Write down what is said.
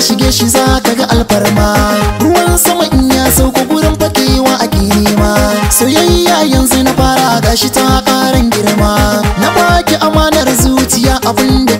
ka shige shi za ka ga alfarma ruwan sama in ya sauko gurin fakewa a kirima soyayya yanzu na fara gashi ta karin girma na baki amanar zuciya abin da